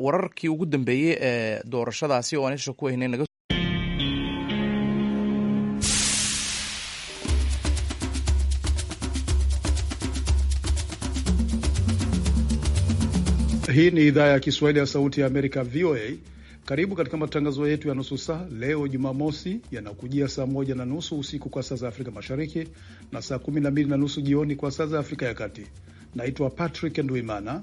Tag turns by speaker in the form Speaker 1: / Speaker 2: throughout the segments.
Speaker 1: wararkii ugu dambeeyey ee doorashadaasi oo aan isha ku haynay naga
Speaker 2: Hii ni idhaa ya Kiswahili ya Sauti ya Amerika, VOA. Karibu katika matangazo yetu ya nusu saa leo Jumamosi, yanakujia saa moja na nusu usiku kwa saa za Afrika Mashariki na saa kumi na mbili na nusu jioni kwa saa za Afrika ya Kati. Naitwa Patrick Nduimana.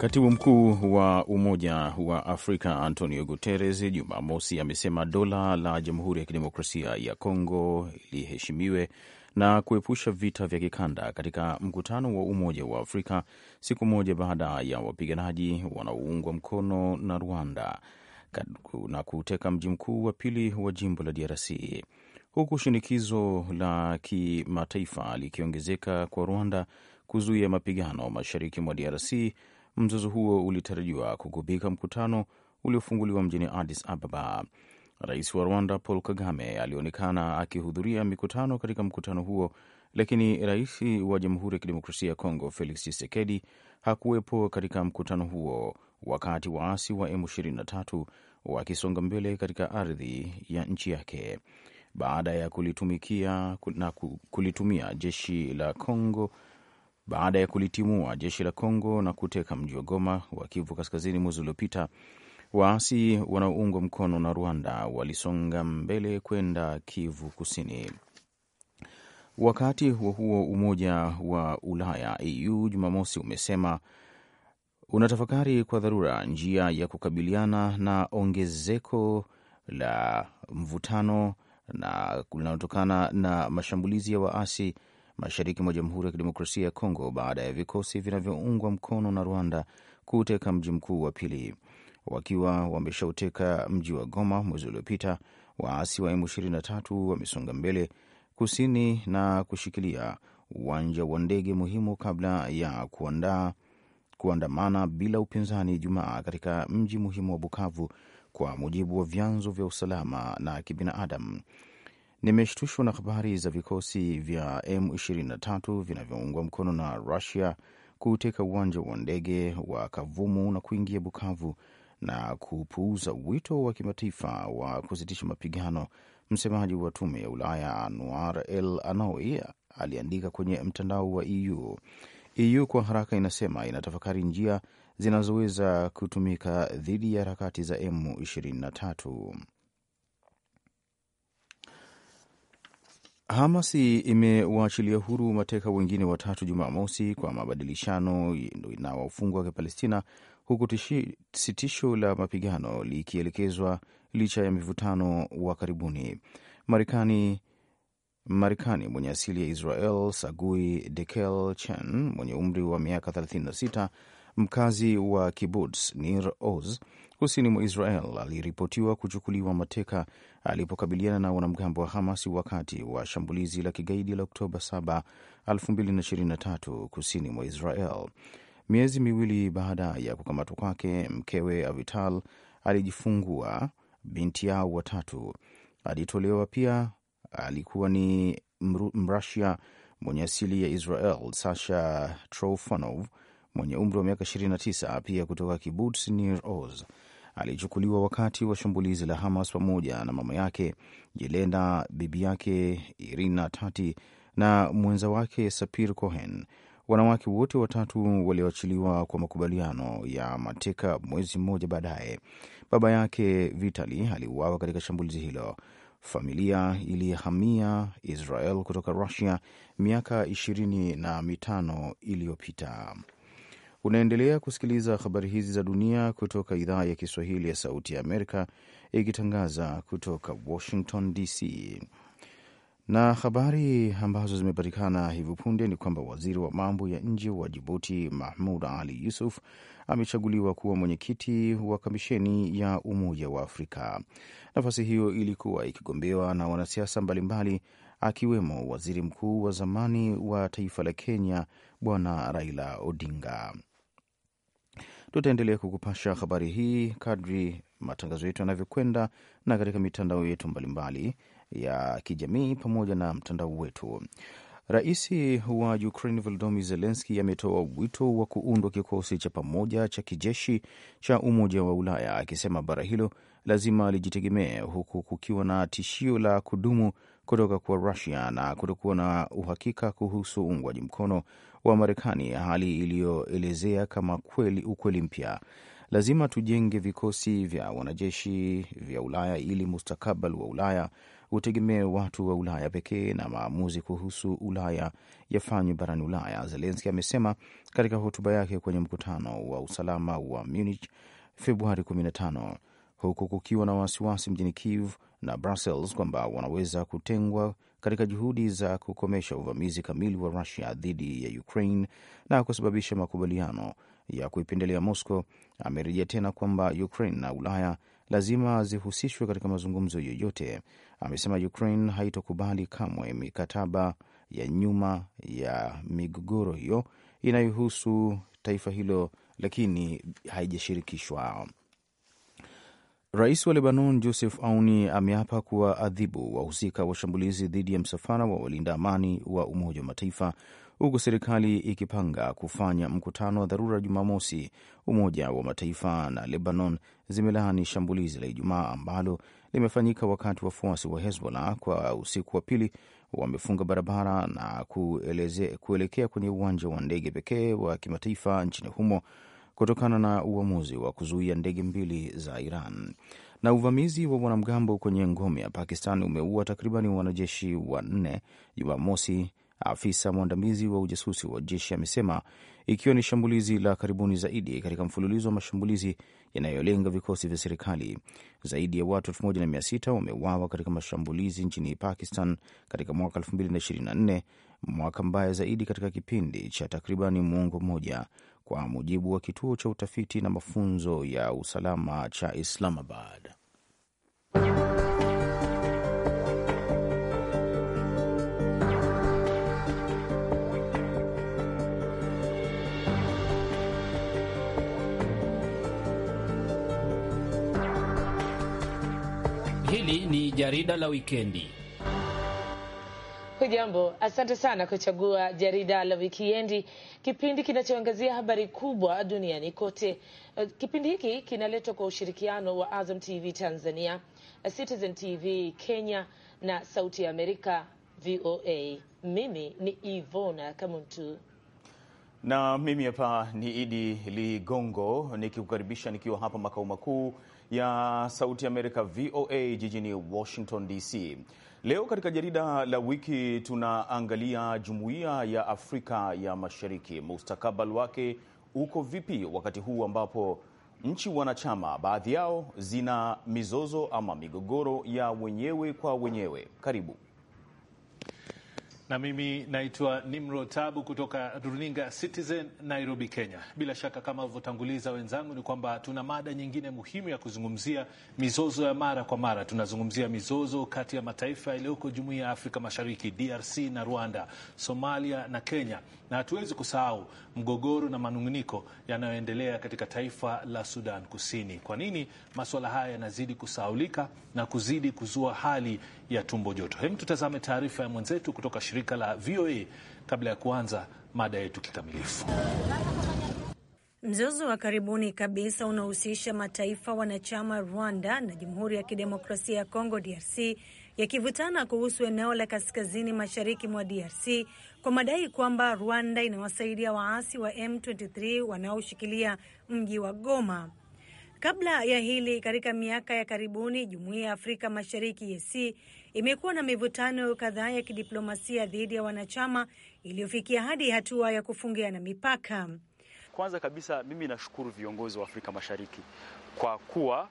Speaker 1: Katibu mkuu wa Umoja wa Afrika Antonio Guterres Jumamosi amesema dola la Jamhuri ya Kidemokrasia ya Kongo liheshimiwe na kuepusha vita vya kikanda katika mkutano wa Umoja wa Afrika siku moja baada ya wapiganaji wanaoungwa mkono na Rwanda na kuteka mji mkuu wa pili wa jimbo la DRC huku shinikizo la kimataifa likiongezeka kwa Rwanda kuzuia mapigano mashariki mwa DRC Mzozo huo ulitarajiwa kugubika mkutano uliofunguliwa mjini Addis Ababa. Rais wa Rwanda Paul Kagame alionekana akihudhuria mikutano katika mkutano huo, lakini rais wa Jamhuri ya Kidemokrasia ya Kongo Felix Tshisekedi hakuwepo katika mkutano huo, wakati waasi wa M23 wakisonga mbele katika ardhi ya nchi yake baada ya kulitumikia na kulitumia jeshi la Kongo baada ya kulitimua jeshi la Kongo na kuteka mji wa Goma wa Kivu Kaskazini mwezi uliopita. Waasi wanaoungwa mkono na Rwanda walisonga mbele kwenda Kivu Kusini. Wakati huo huo, Umoja wa Ulaya EU Jumamosi umesema unatafakari kwa dharura njia ya kukabiliana na ongezeko la mvutano na linalotokana na mashambulizi ya waasi mashariki mwa Jamhuri ya Kidemokrasia ya Kongo baada ya vikosi vinavyoungwa mkono na Rwanda kuuteka mji mkuu wa pili. Wakiwa wameshauteka mji wa Goma mwezi uliopita, waasi wa M23 wamesonga mbele kusini na kushikilia uwanja wa ndege muhimu kabla ya kuandaa kuandamana bila upinzani Jumaa katika mji muhimu wa Bukavu, kwa mujibu wa vyanzo vya usalama na kibinadamu nimeshtushwa na habari za vikosi vya M23 vinavyoungwa mkono na Rusia kuuteka uwanja wa ndege wa Kavumu na kuingia Bukavu na kupuuza wito wa kimataifa wa kusitisha mapigano. Msemaji wa tume ya Ulaya anuar El Anoi aliandika kwenye mtandao wa EU. EU kwa haraka inasema inatafakari njia zinazoweza kutumika dhidi ya harakati za M23. Hamas imewaachilia huru mateka wengine watatu Jumamosi kwa mabadilishano na wafungwa wa Kipalestina, huku sitisho la mapigano likielekezwa licha ya mivutano wa karibuni. Marekani Marekani mwenye asili ya Israel, Sagui Dekel Chen mwenye umri wa miaka 36, mkazi wa Kibuts Nir Oz, kusini mwa Israel aliripotiwa kuchukuliwa mateka alipokabiliana na wanamgambo wa Hamas wakati wa shambulizi la kigaidi la Oktoba 7, 2023 kusini mwa Israel. Miezi miwili baada ya kukamatwa kwake, mkewe Avital alijifungua binti yao watatu. Alitolewa pia alikuwa ni Mrusia mwenye asili ya Israel, Sasha Trofanov mwenye umri wa miaka 29 pia kutoka kibuts Nir Oz alichukuliwa wakati wa shambulizi la Hamas pamoja na mama yake Jelena, bibi yake Irina Tati na mwenza wake Sapir Cohen. Wanawake wote watatu walioachiliwa kwa makubaliano ya mateka mwezi mmoja baadaye. Baba yake Vitali aliuawa katika shambulizi hilo. Familia ilihamia Israel kutoka Rusia miaka ishirini na mitano iliyopita. Unaendelea kusikiliza habari hizi za dunia kutoka idhaa ya Kiswahili ya Sauti ya Amerika ikitangaza kutoka Washington DC. Na habari ambazo zimepatikana hivi punde ni kwamba waziri wa mambo ya nje wa Jibuti Mahmud Ali Yusuf amechaguliwa kuwa mwenyekiti wa kamisheni ya Umoja wa Afrika. Nafasi hiyo ilikuwa ikigombewa na wanasiasa mbalimbali akiwemo waziri mkuu wa zamani wa taifa la Kenya Bwana Raila Odinga. Tutaendelea kukupasha habari hii kadri matangazo yetu yanavyokwenda na katika mitandao yetu mbalimbali ya kijamii pamoja na mtandao wetu. Rais wa Ukraine Volodymyr Zelensky ametoa wito wa kuundwa kikosi cha pamoja cha kijeshi cha Umoja wa Ulaya, akisema bara hilo lazima lijitegemee, huku kukiwa na tishio la kudumu kutoka kwa Rusia na kutokuwa na uhakika kuhusu uungwaji mkono wa Marekani, hali iliyoelezea kama kweli ukweli mpya. Lazima tujenge vikosi vya wanajeshi vya Ulaya ili mustakabali wa Ulaya utegemee watu wa Ulaya pekee na maamuzi kuhusu Ulaya yafanywe barani Ulaya, Zelenski amesema katika hotuba yake kwenye mkutano wa usalama wa Munich Februari 15 huku kukiwa na wasiwasi mjini Kiev na Brussels kwamba wanaweza kutengwa katika juhudi za kukomesha uvamizi kamili wa Rusia dhidi ya Ukraine na kusababisha makubaliano ya kuipendelea Moscow, amerejea tena kwamba Ukraine na Ulaya lazima zihusishwe katika mazungumzo yoyote. Amesema Ukraine haitokubali kamwe mikataba ya nyuma ya migogoro hiyo inayohusu taifa hilo, lakini haijashirikishwa. Rais wa Lebanon Joseph Auni ameapa adhibu wahusika wa shambulizi dhidi ya msafara wa walinda amani wa Umoja wa Mataifa, huku serikali ikipanga kufanya mkutano wa dharura Jumamosi. Umoja wa Mataifa na Lebanon zimelaani shambulizi la Ijumaa ambalo limefanyika wakati wafuasi wa Hezbollah kwa usiku wa pili wamefunga barabara na kueleze, kuelekea kwenye uwanja wa ndege pekee wa kimataifa nchini humo kutokana na uamuzi wa kuzuia ndege mbili za Iran. Na uvamizi wa wanamgambo kwenye ngome ya Pakistan umeua takriban wanajeshi wanne Jumamosi, afisa mwandamizi wa ujasusi wa jeshi amesema, ikiwa ni shambulizi la karibuni zaidi katika mfululizo wa mashambulizi yanayolenga vikosi vya serikali. Zaidi ya watu 1600 wameuawa katika mashambulizi nchini Pakistan katika mwaka 2024, mwaka mbaya zaidi katika kipindi cha takribani mwongo mmoja, kwa mujibu wa kituo cha utafiti na mafunzo ya usalama cha Islamabad.
Speaker 3: Hili ni jarida la wikendi.
Speaker 4: Hujambo, asante sana kuchagua jarida la wikiendi kipindi kinachoangazia habari kubwa duniani kote. Eh, kipindi hiki kinaletwa kwa ushirikiano wa Azam TV Tanzania, Citizen TV Kenya na Sauti ya Amerika VOA. Mimi ni Ivona Kamuntu
Speaker 1: na mimi hapa ni Idi Ligongo nikikukaribisha nikiwa hapa makao makuu ya Sauti ya Amerika VOA jijini Washington DC. Leo katika jarida la wiki tunaangalia jumuiya ya Afrika ya Mashariki, mustakabali wake uko vipi, wakati huu ambapo nchi wanachama baadhi yao zina mizozo ama migogoro ya wenyewe kwa wenyewe. Karibu
Speaker 5: na mimi naitwa Nimro Tabu kutoka runinga Citizen Nairobi, Kenya. Bila shaka kama alivyotanguliza wenzangu, ni kwamba tuna mada nyingine muhimu ya kuzungumzia, mizozo ya mara kwa mara. Tunazungumzia mizozo kati ya mataifa yaliyoko jumuiya ya Afrika Mashariki, DRC na Rwanda, Somalia na Kenya na hatuwezi kusahau mgogoro na manunguniko yanayoendelea katika taifa la Sudan Kusini. Kwa nini masuala haya yanazidi kusahaulika na kuzidi kuzua hali ya tumbo joto? Hem, tutazame taarifa ya mwenzetu kutoka shirika la VOA kabla ya kuanza mada yetu kikamilifu.
Speaker 6: Mzozo wa karibuni kabisa unahusisha mataifa wanachama Rwanda na Jamhuri ya Kidemokrasia ya Kongo DRC yakivutana kuhusu eneo la kaskazini mashariki mwa DRC kwa madai kwamba Rwanda inawasaidia waasi wa M23 wanaoshikilia mji wa Goma. Kabla ya hili, katika miaka ya karibuni, Jumuiya ya Afrika Mashariki EAC imekuwa na mivutano kadhaa ya kidiplomasia dhidi ya wanachama iliyofikia hadi hatua ya kufungia na mipaka.
Speaker 3: Kwanza kabisa, mimi nashukuru viongozi wa Afrika Mashariki kwa kuwa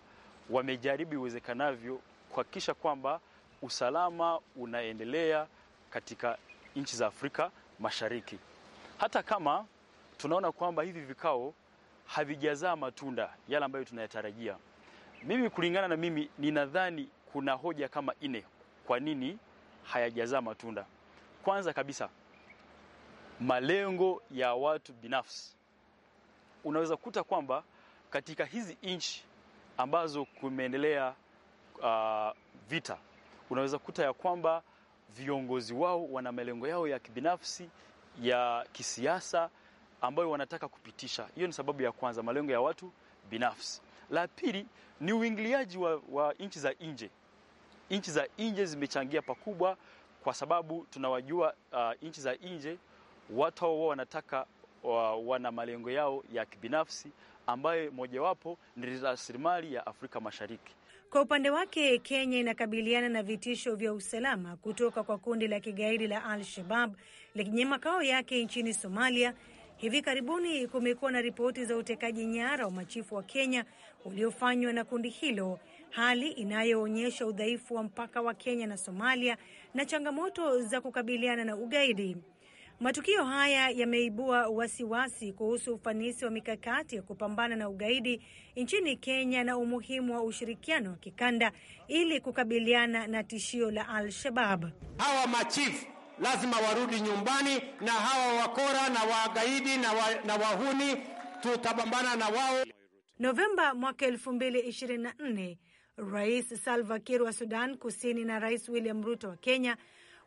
Speaker 3: wamejaribu iwezekanavyo kuhakikisha kwamba usalama unaendelea katika nchi za Afrika Mashariki, hata kama tunaona kwamba hivi vikao havijazaa matunda yale ambayo tunayatarajia. Mimi kulingana na mimi, ninadhani kuna hoja kama nne kwa nini hayajazaa matunda. Kwanza kabisa, malengo ya watu binafsi. Unaweza kuta kwamba katika hizi nchi ambazo kumeendelea uh, vita unaweza kuta ya kwamba viongozi wao wana malengo yao ya kibinafsi ya kisiasa ambayo wanataka kupitisha. Hiyo ni sababu ya kwanza, malengo ya watu binafsi. La pili ni uingiliaji wa, wa nchi za nje. Nchi za nje zimechangia pakubwa, kwa sababu tunawajua uh, nchi za nje watu hao wanataka wa, wana malengo yao ya kibinafsi ambayo mojawapo ni rasilimali ya Afrika Mashariki.
Speaker 6: Kwa upande wake, Kenya inakabiliana na vitisho vya usalama kutoka kwa kundi la kigaidi la Al-Shabab lenye makao yake nchini Somalia. Hivi karibuni kumekuwa na ripoti za utekaji nyara wa machifu wa Kenya uliofanywa na kundi hilo, hali inayoonyesha udhaifu wa mpaka wa Kenya na Somalia na changamoto za kukabiliana na ugaidi. Matukio haya yameibua wasiwasi kuhusu ufanisi wa mikakati ya kupambana na ugaidi nchini Kenya na umuhimu wa ushirikiano wa kikanda ili kukabiliana na tishio la Al-Shabab. Hawa machifu lazima warudi
Speaker 5: nyumbani, na hawa
Speaker 6: wakora na wagaidi na, wa, na wahuni tutapambana na wao. Novemba mwaka 2024 Rais Salva Kiir wa Sudan Kusini na Rais William Ruto wa Kenya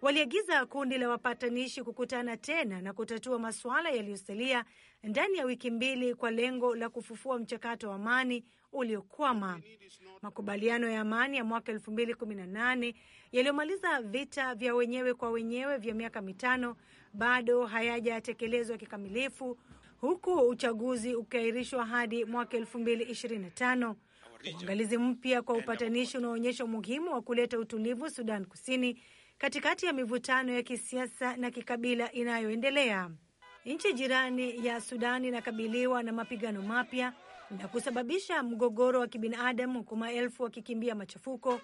Speaker 6: waliagiza kundi la wapatanishi kukutana tena na kutatua masuala yaliyosalia ndani ya wiki mbili kwa lengo la kufufua mchakato wa amani uliokwama. Makubaliano ya amani ya mwaka 2018 yaliyomaliza vita vya wenyewe kwa wenyewe vya miaka mitano bado hayajatekelezwa kikamilifu, huku uchaguzi ukiahirishwa hadi mwaka 2025. Uangalizi mpya kwa upatanishi unaonyesha umuhimu wa kuleta utulivu Sudan Kusini katikati ya mivutano ya kisiasa na kikabila inayoendelea. Nchi jirani ya Sudani inakabiliwa na mapigano mapya na kusababisha mgogoro wa kibinadamu, huku maelfu wakikimbia machafuko.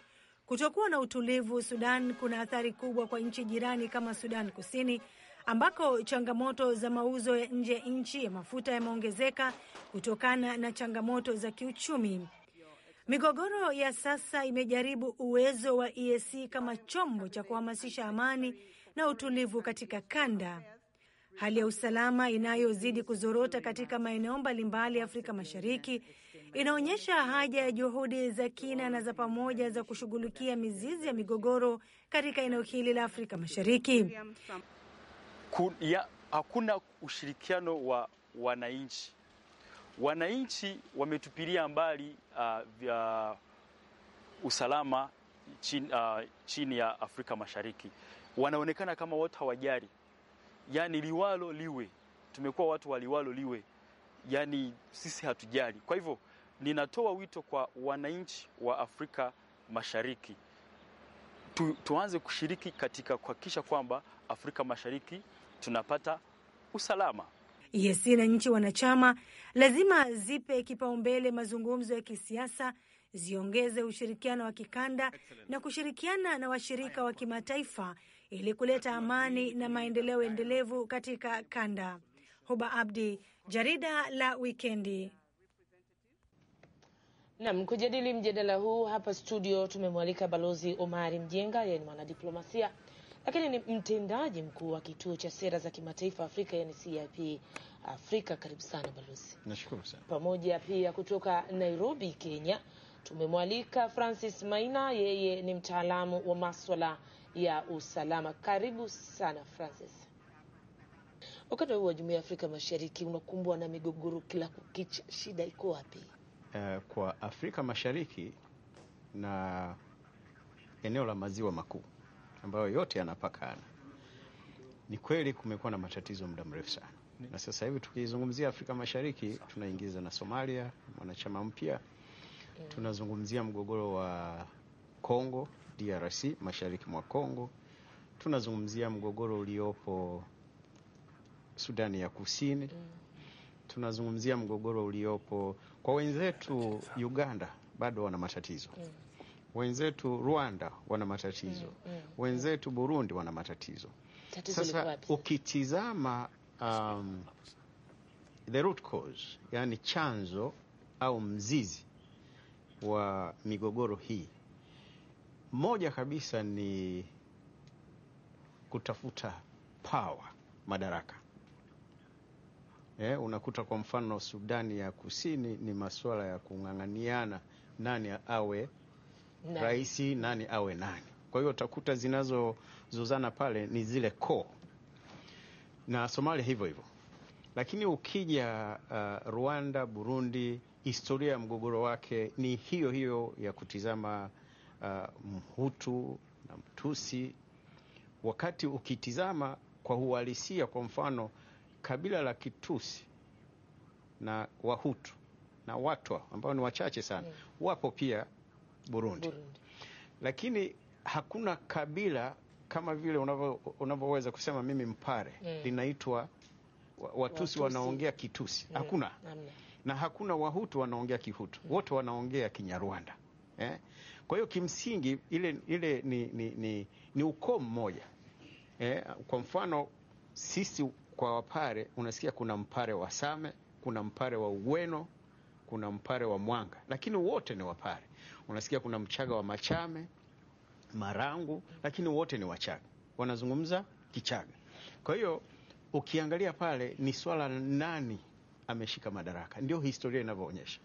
Speaker 6: Kutokuwa na utulivu Sudan kuna athari kubwa kwa nchi jirani kama Sudan Kusini, ambako changamoto za mauzo ya nje ya nchi ya mafuta yameongezeka kutokana na changamoto za kiuchumi. Migogoro ya sasa imejaribu uwezo wa EAC kama chombo cha kuhamasisha amani na utulivu katika kanda. Hali ya usalama inayozidi kuzorota katika maeneo mbalimbali Afrika Mashariki inaonyesha haja ya juhudi za kina na za pamoja za kushughulikia mizizi ya migogoro katika eneo hili la Afrika Mashariki.
Speaker 3: Kun, ya, hakuna ushirikiano wa wananchi Wananchi wametupilia mbali uh, vya usalama chini, uh, chini ya Afrika Mashariki, wanaonekana kama watu hawajali, yaani liwalo liwe, tumekuwa watu wa liwalo liwe, yaani sisi hatujali. Kwa hivyo ninatoa wito kwa wananchi wa Afrika Mashariki tu, tuanze kushiriki katika kuhakikisha kwamba Afrika Mashariki tunapata usalama.
Speaker 6: EAC na nchi wanachama lazima zipe kipaumbele mazungumzo ya kisiasa, ziongeze ushirikiano wa kikanda na kushirikiana na washirika wa kimataifa ili kuleta amani na maendeleo endelevu katika kanda. Huba Abdi, jarida la Wikendi. Nam kujadili
Speaker 4: mjadala huu hapa
Speaker 6: studio tumemwalika
Speaker 4: Balozi Omari Mjenga, yeye ni mwanadiplomasia lakini ni mtendaji mkuu wa kituo cha sera za kimataifa Afrika, yani CIP Afrika. Karibu sana balozi. Nashukuru sana. Pamoja pia kutoka Nairobi, Kenya, tumemwalika Francis Maina, yeye ni mtaalamu wa maswala ya usalama. Karibu sana Francis. Ukanda huu wa Jumuiya ya Afrika Mashariki unakumbwa na migogoro kila kukicha, shida iko wapi?
Speaker 7: Uh, kwa Afrika Mashariki na eneo la maziwa makuu ambayo yote yanapakana. Ni kweli kumekuwa na matatizo muda mrefu sana, na sasa hivi tukizungumzia Afrika Mashariki tunaingiza na Somalia, mwanachama mpya, eh. tunazungumzia mgogoro wa Kongo DRC, mashariki mwa Kongo, tunazungumzia mgogoro uliopo Sudani ya Kusini, mm. tunazungumzia mgogoro uliopo kwa wenzetu Uganda, bado wana matatizo mm. wenzetu Rwanda wana matatizo mm, mm, mm. Wenzetu Burundi wana matatizo. Tatizo sasa ukitizama um, the root cause, yani chanzo au mzizi wa migogoro hii, moja kabisa ni kutafuta power, madaraka. Eh, unakuta kwa mfano Sudani ya Kusini ni masuala ya kung'ang'aniana nani awe rais nani awe nani. Kwa hiyo utakuta zinazozozana pale ni zile koo, na Somalia hivyo hivyo. Lakini ukija uh, Rwanda, Burundi, historia ya mgogoro wake ni hiyo hiyo ya kutizama uh, mhutu na mtusi, wakati ukitizama kwa uhalisia, kwa mfano kabila la kitusi na wahutu na watwa ambao ni wachache sana, wapo pia Burundi, Burundi. Lakini hakuna kabila kama vile unavyoweza kusema mimi Mpare mm. linaitwa Watusi, Watusi wanaongea Kitusi mm. hakuna Amen. na hakuna Wahutu wanaongea Kihutu mm. wote wanaongea Kinyarwanda eh? Kwa hiyo kimsingi ile, ile ni, ni, ni, ni ukoo mmoja eh? Kwa mfano sisi kwa Wapare unasikia kuna Mpare wa Same, kuna Mpare wa ugweno kuna Mpare wa Mwanga, lakini wote ni Wapare unasikia kuna Mchaga wa Machame, Marangu, lakini wote ni Wachaga, wanazungumza Kichaga. Kwa hiyo ukiangalia pale ni swala nani ameshika madaraka, ndio historia inavyoonyesha.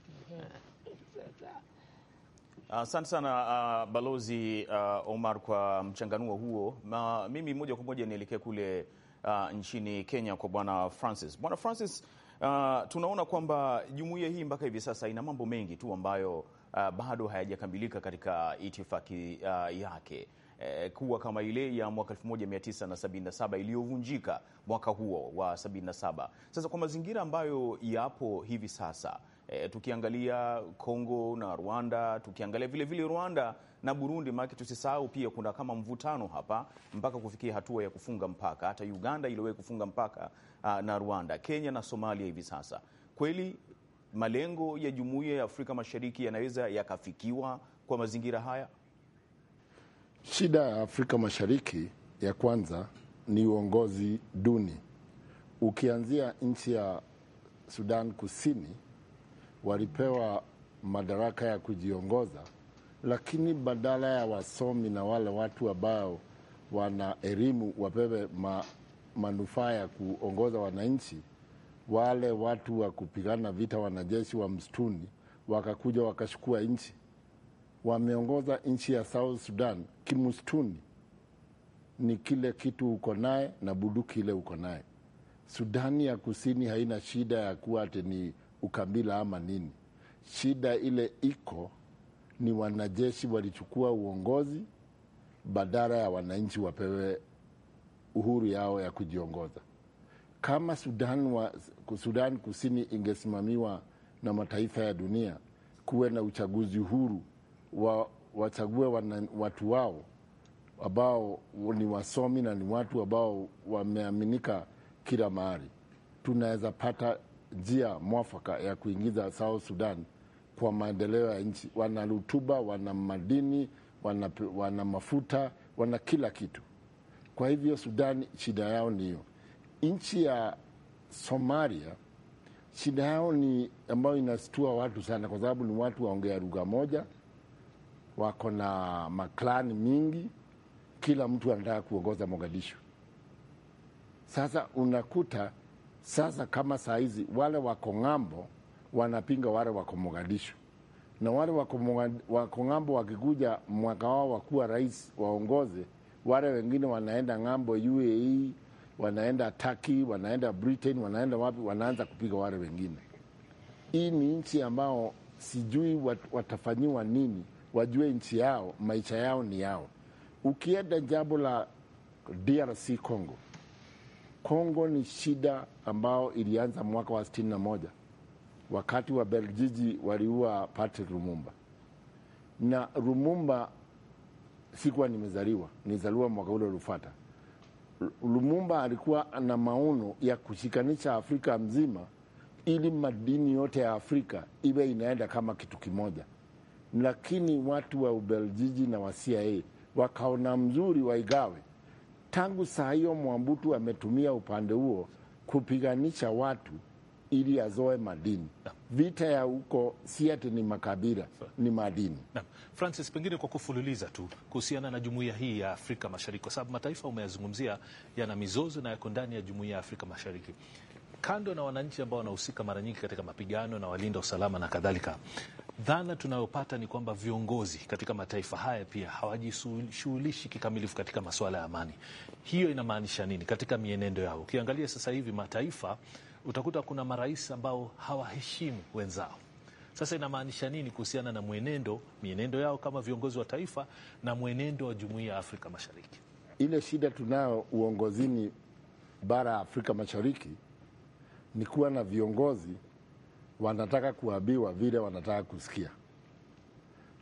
Speaker 1: Ah, asante uh, sana uh, Balozi uh, Omar kwa mchanganuo huo. Ma, mimi moja kwa moja nielekee kule uh, nchini Kenya kwa Bwana Francis. Bwana Francis, uh, tunaona kwamba jumuiya hii mpaka hivi sasa ina mambo mengi tu ambayo uh, bado hayajakamilika katika uh, itifaki uh, yake eh, kuwa kama ile ya mwaka 1977 iliyovunjika mwaka huo wa 77. Sasa kwa mazingira ambayo yapo hivi sasa E, tukiangalia Kongo na Rwanda, tukiangalia vilevile vile Rwanda na Burundi, maanake tusisahau pia kuna kama mvutano hapa mpaka kufikia hatua ya kufunga mpaka. Hata Uganda iliwahi kufunga mpaka a, uh, na Rwanda, Kenya na Somalia hivi sasa. Kweli malengo ya Jumuiya ya Afrika Mashariki yanaweza yakafikiwa kwa mazingira haya?
Speaker 8: Shida ya Afrika Mashariki ya kwanza ni uongozi duni. Ukianzia nchi ya Sudan Kusini, walipewa madaraka ya kujiongoza, lakini badala ya wasomi na wale watu ambao wana elimu wapewe ma, manufaa ya kuongoza wananchi wale watu wa kupigana vita, wanajeshi wa msituni, wakakuja wakachukua nchi, wameongoza nchi ya South Sudan kimsituni. Ni kile kitu uko naye na buduki ile uko naye. Sudani ya Kusini haina shida ya kuwa ati ni ukabila ama nini. Shida ile iko ni wanajeshi walichukua uongozi badala ya wananchi wapewe uhuru yao ya kujiongoza kama Sudan, wa, Sudan Kusini ingesimamiwa na mataifa ya dunia, kuwe na uchaguzi huru wa, wachague wana, watu wao ambao ni wasomi na ni watu ambao wameaminika kila mahali, tunaweza pata njia mwafaka ya kuingiza South Sudan kwa maendeleo ya nchi. Wana rutuba, wana madini, wana, wana mafuta, wana kila kitu. Kwa hivyo Sudan shida yao ni hiyo nchi ya Somalia shida yao ni ambayo inastua watu sana, kwa sababu ni watu waongea lugha moja, wako na maklani mingi, kila mtu anataka kuongoza Mogadishu. Sasa unakuta sasa kama saa hizi wale wako ng'ambo wanapinga wale wako Mogadishu, na wale wako ng'ambo wakikuja mwaka wao wakuwa rais waongoze, wale wengine wanaenda ng'ambo UAE wanaenda Turkey, wanaenda Britain, wanaenda wapi, wanaanza kupiga wale wengine. Hii ni nchi ambao sijui wat, watafanyiwa nini, wajue nchi yao, maisha yao ni yao. Ukienda jambo la DRC Congo, Congo ni shida ambao ilianza mwaka wa sitini na moja wakati wa Beljiji waliua Patrice Lumumba na Lumumba, sikuwa nimezaliwa, nizaliwa mwaka ule uliofuata Lumumba alikuwa na maono ya kushikanisha Afrika mzima ili madini yote ya Afrika iwe inaenda kama kitu kimoja, lakini watu wa Ubeljiji na wa CIA wakaona mzuri waigawe. Tangu saa hiyo Mwambutu ametumia upande huo kupiganisha watu ili azoe madini vita ya huko si ati ni makabila, ni madini.
Speaker 5: Francis, pengine kwa kufululiza tu kuhusiana na jumuiya hii ya Afrika Mashariki, kwa sababu mataifa umeyazungumzia yana mizozo na yako ndani ya jumuiya ya Afrika Mashariki, kando na wananchi ambao wanahusika mara nyingi katika mapigano na walinda usalama na kadhalika, dhana tunayopata ni kwamba viongozi katika mataifa haya pia hawajishughulishi kikamilifu katika masuala ya amani. Hiyo inamaanisha nini katika mienendo yao? Ukiangalia sasa hivi mataifa utakuta kuna marais ambao hawaheshimu wenzao. Sasa inamaanisha nini kuhusiana na mwenendo mienendo yao kama viongozi wa taifa na mwenendo wa jumuiya ya Afrika Mashariki?
Speaker 8: Ile shida tunayo uongozini bara ya Afrika Mashariki ni kuwa na viongozi wanataka kuambiwa vile wanataka kusikia,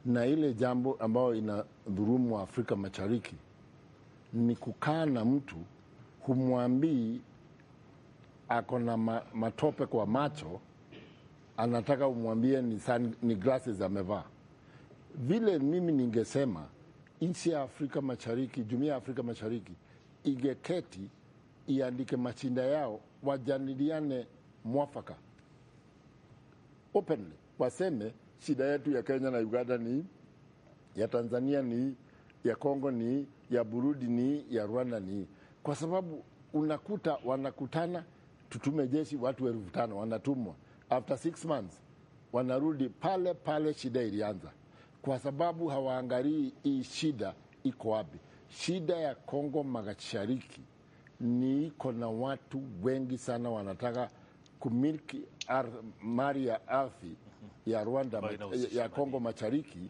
Speaker 8: na ile jambo ambayo ina dhurumu wa Afrika Mashariki ni kukaa na mtu humwambii ako na matope kwa macho, anataka umwambie ni, sun, ni glasses amevaa. Vile mimi ningesema nchi ya Afrika Mashariki, jumuiya ya Afrika Mashariki igeketi iandike machinda yao, wajadiliane mwafaka openly, waseme shida yetu ya Kenya na Uganda ni ya Tanzania ni ya Kongo ni ya Burundi ni ya Rwanda ni, kwa sababu unakuta wanakutana tutume jeshi watu elfu tano wanatumwa, after six months wanarudi pale pale shida ilianza, kwa sababu hawaangalii hii shida iko wapi. Shida ya Kongo Mashariki ni iko na watu wengi sana wanataka kumiliki mali ya ardhi ya Rwanda ya Kongo Mashariki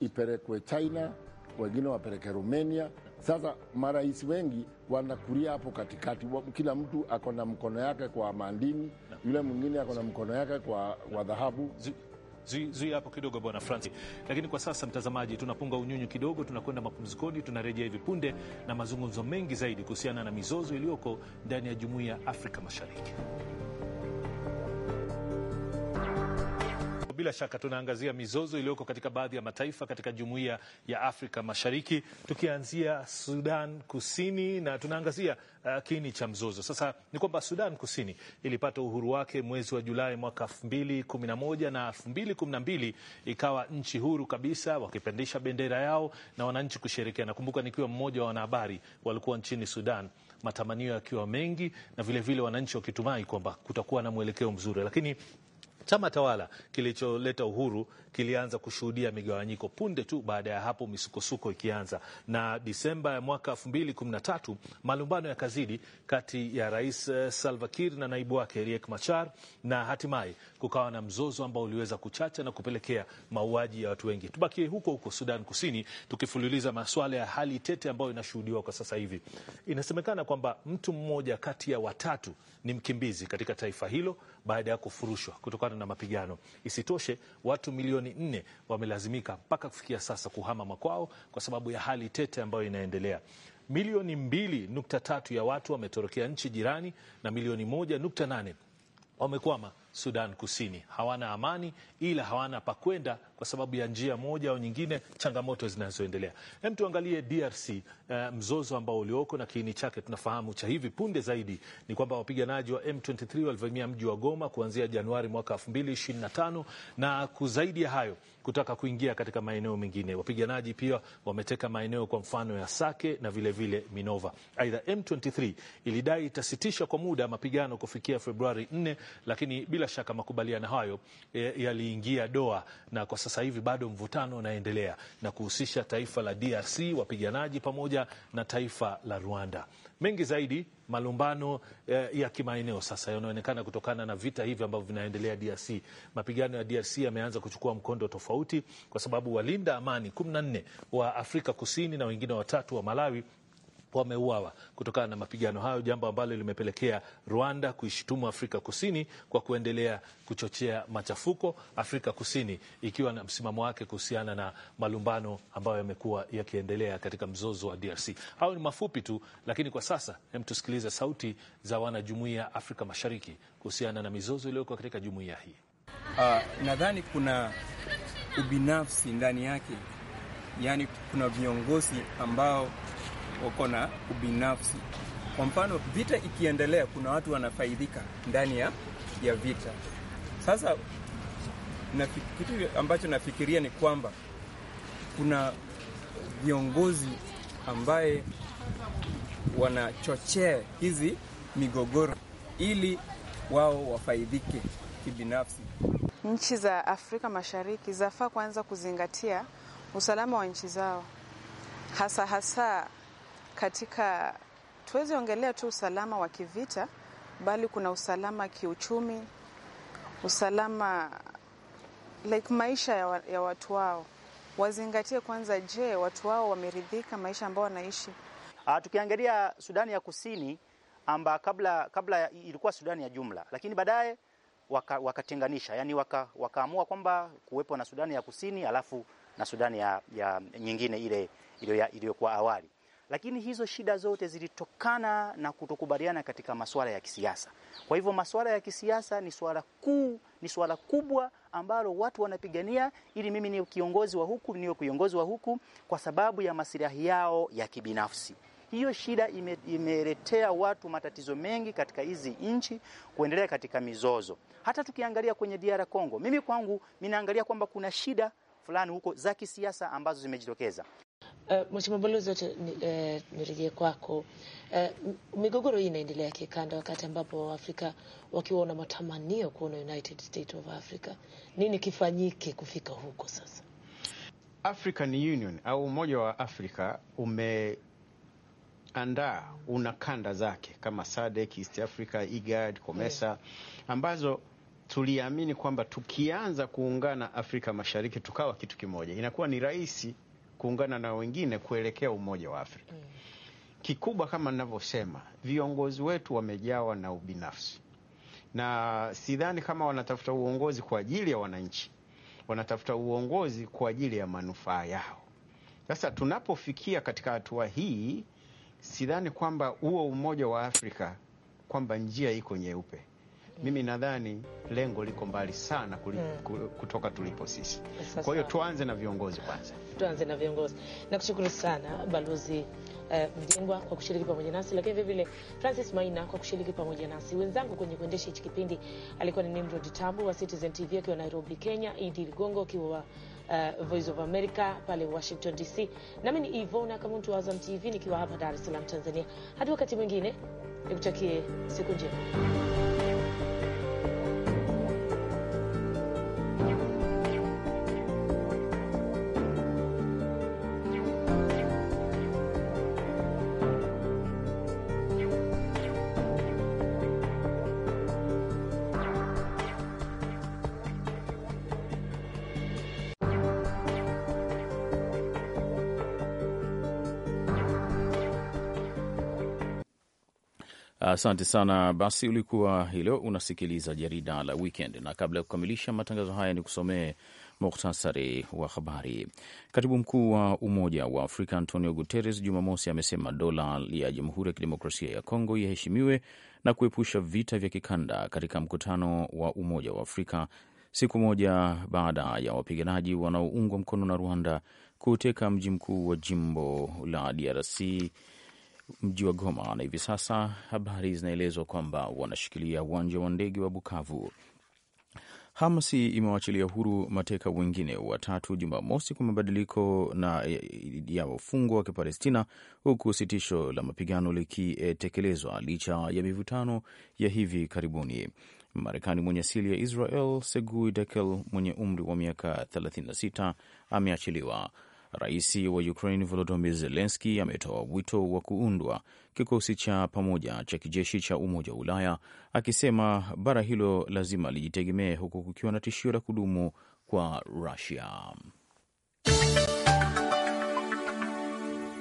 Speaker 8: ipelekwe China, wengine wapeleke Romania. Sasa marais wengi wanakulia hapo katikati, kila mtu ako na mkono yake kwa mandini, yule mwingine ako na mkono yake kwa, kwa dhahabu.
Speaker 5: zui hapo kidogo bwana franci Lakini kwa sasa, mtazamaji, tunapunga unyunyu kidogo, tunakwenda mapumzikoni, tunarejea hivi punde na mazungumzo mengi zaidi kuhusiana na mizozo iliyoko ndani ya jumuiya ya Afrika Mashariki. bila shaka tunaangazia mizozo iliyoko katika baadhi ya mataifa katika jumuiya ya Afrika Mashariki, tukianzia Sudan Kusini na tunaangazia uh, kiini cha mzozo. Sasa ni kwamba Sudan Kusini ilipata uhuru wake mwezi wa Julai mwaka 2011 na 2012 ikawa nchi huru kabisa, wakipandisha bendera yao na wananchi kusherekea. Nakumbuka nikiwa mmoja wa wanahabari walikuwa nchini Sudan, matamanio yakiwa mengi na vilevile vile wananchi wakitumai kwamba kutakuwa na mwelekeo mzuri, lakini Chama tawala kilicholeta uhuru kilianza kushuhudia migawanyiko punde tu baada ya hapo misukosuko ikianza, na Disemba ya mwaka 2013 malumbano yakazidi kati ya Rais eh, Salva Kiir na naibu wake Riek Machar, na hatimaye kukawa na mzozo ambao uliweza kuchacha na kupelekea mauaji ya watu wengi. Tubakie huko huko Sudan Kusini, tukifululiza masuala ya hali tete ambayo inashuhudiwa kwa sasa hivi. Inasemekana kwamba mtu mmoja kati ya watatu ni mkimbizi katika taifa hilo baada ya kufurushwa kutokana kutokana na mapigano. Isitoshe, watu milioni nne wamelazimika mpaka kufikia sasa kuhama makwao kwa sababu ya hali tete ambayo inaendelea. Milioni mbili nukta tatu ya watu wametorokea nchi jirani na milioni moja nukta nane wamekwama Sudan Kusini. Hawana amani, ila hawana pa kwenda kwa sababu ya njia moja au nyingine, changamoto zinazoendelea. Hem, tuangalie DRC, uh, eh, mzozo ambao ulioko na kiini chake tunafahamu cha hivi punde zaidi ni kwamba wapiganaji wa M23 walivamia mji wa Goma kuanzia Januari mwaka 2025 na kuzaidi ya hayo kutaka kuingia katika maeneo mengine. Wapiganaji pia wameteka maeneo kwa mfano ya Sake na vilevile vile Minova. Aidha, M23 ilidai itasitisha kwa muda mapigano kufikia Februari 4, lakini bila shaka makubaliano hayo e, yaliingia doa na kwa sasa hivi bado mvutano unaendelea na kuhusisha taifa la DRC, wapiganaji pamoja na taifa la Rwanda. Mengi zaidi malumbano ya, eh, ya kimaeneo sasa yanaonekana kutokana na vita hivi ambavyo vinaendelea DRC. Mapigano ya DRC yameanza kuchukua mkondo tofauti, kwa sababu walinda amani 14 wa Afrika Kusini na wengine watatu wa Malawi wameuawa kutokana na mapigano hayo, jambo ambalo limepelekea Rwanda kuishutumu Afrika Kusini kwa kuendelea kuchochea machafuko, Afrika Kusini ikiwa na msimamo wake kuhusiana na malumbano ambayo yamekuwa yakiendelea katika mzozo wa DRC. Hayo ni mafupi tu, lakini kwa sasa hem, tusikilize sauti za wanajumuiya Afrika Mashariki kuhusiana na mizozo iliyoko katika jumuiya hii. Uh, nadhani kuna ubinafsi ndani yake, yaani kuna viongozi
Speaker 7: ambao wako na ubinafsi. Kwa mfano, vita ikiendelea, kuna watu wanafaidika ndani ya, ya vita. Sasa kitu ambacho nafikiria ni kwamba kuna viongozi ambaye wanachochea hizi migogoro ili wao wafaidike kibinafsi.
Speaker 6: Nchi
Speaker 3: za Afrika Mashariki zafaa kwanza kuzingatia usalama wa nchi zao hasa hasa katika, tuwezi ongelea tu usalama wa kivita, bali kuna usalama kiuchumi, usalama like maisha ya, ya watu wao wazingatie kwanza. Je, watu wao wameridhika maisha ambao wanaishi? Ah, tukiangalia Sudani ya Kusini amba kabla, kabla ilikuwa Sudani ya jumla, lakini baadaye wakatenganisha waka yani wakaamua kwamba kuwepo na Sudani ya Kusini alafu na Sudani ya, ya nyingine ile iliyokuwa awali. Lakini hizo shida zote zilitokana na kutokubaliana katika masuala ya kisiasa. Kwa hivyo masuala ya kisiasa ni swala kuu, ni swala kubwa ambalo watu wanapigania ili mimi ni kiongozi wa huku, niwe kiongozi wa huku kwa sababu ya masilahi yao ya kibinafsi. Hiyo shida imeletea ime watu matatizo mengi katika hizi nchi kuendelea katika mizozo. Hata tukiangalia kwenye DR Congo, mimi kwangu minaangalia kwamba kuna shida fulani huko za kisiasa ambazo zimejitokeza.
Speaker 4: Uh, Mheshimiwa Balozi, wote uh, nirejee kwako. Uh, migogoro hii inaendelea kikanda, wakati ambapo Waafrika wakiwa na matamanio kuona United States of Africa. Nini kifanyike kufika huko sasa?
Speaker 7: African Union au Umoja wa Afrika umeandaa una kanda zake kama SADC, East Africa, IGAD, COMESA ambazo tuliamini kwamba tukianza kuungana Afrika Mashariki tukawa kitu kimoja, inakuwa ni rahisi kuungana na wengine kuelekea umoja wa Afrika. Mm. Kikubwa kama ninavyosema, viongozi wetu wamejawa na ubinafsi, na sidhani kama wanatafuta uongozi kwa ajili ya wananchi, wanatafuta uongozi kwa ajili ya manufaa yao. Sasa tunapofikia katika hatua hii, sidhani kwamba huo umoja wa Afrika kwamba njia iko nyeupe. Mimi nadhani lengo liko mbali sana kuli, mm. kutoka tulipo sisi. Kwa hiyo tuanze na viongozi kwanza,
Speaker 4: tuanze na viongozi. Nakushukuru sana Balozi eh, Mjengwa Uh, kwa kushiriki pamoja nasi, lakini vile vile Francis Maina kwa kushiriki pamoja nasi. Wenzangu kwenye kuendesha hichi kipindi alikuwa ni Nimrod Tambu wa Citizen TV akiwa Nairobi, Kenya, Idi Ligongo akiwa wa uh, Voice of America pale Washington DC, nami ni Ivona kama mtu wa Azam TV nikiwa hapa Dar es Salaam, Tanzania. Hadi wakati mwingine, nikutakie siku njema.
Speaker 1: Asante sana. Basi ulikuwa hilo unasikiliza jarida la Weekend, na kabla ya kukamilisha matangazo haya ni kusomee muhtasari wa habari. Katibu mkuu wa Umoja wa Afrika Antonio Guterres Jumamosi amesema dola ya Jamhuri ya Kidemokrasia ya Kongo iheshimiwe na kuepusha vita vya kikanda katika mkutano wa Umoja wa Afrika siku moja baada ya wapiganaji wanaoungwa mkono na Rwanda kuteka mji mkuu wa jimbo la DRC mji wa Goma, na hivi sasa habari zinaelezwa kwamba wanashikilia uwanja wa ndege wa Bukavu. Hamasi imewachilia huru mateka wengine watatu Jumamosi kwa mabadiliko na ya wafungwa wa Kipalestina, huku sitisho la mapigano likitekelezwa licha ya mivutano ya hivi karibuni. Marekani mwenye asili ya Israel Segui Dekel mwenye umri wa miaka 36 ameachiliwa. Rais wa Ukraine Volodymyr Zelenski ametoa wito wa kuundwa kikosi cha pamoja cha kijeshi cha Umoja wa Ulaya, akisema bara hilo lazima lijitegemee, huku kukiwa na tishio la kudumu kwa Rusia.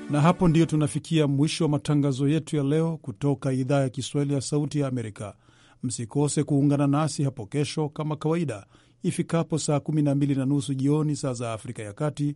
Speaker 2: Na hapo ndiyo tunafikia mwisho wa matangazo yetu ya leo kutoka idhaa ya Kiswahili ya Sauti ya Amerika. Msikose kuungana nasi hapo kesho kama kawaida ifikapo saa 12 na nusu jioni saa za Afrika ya Kati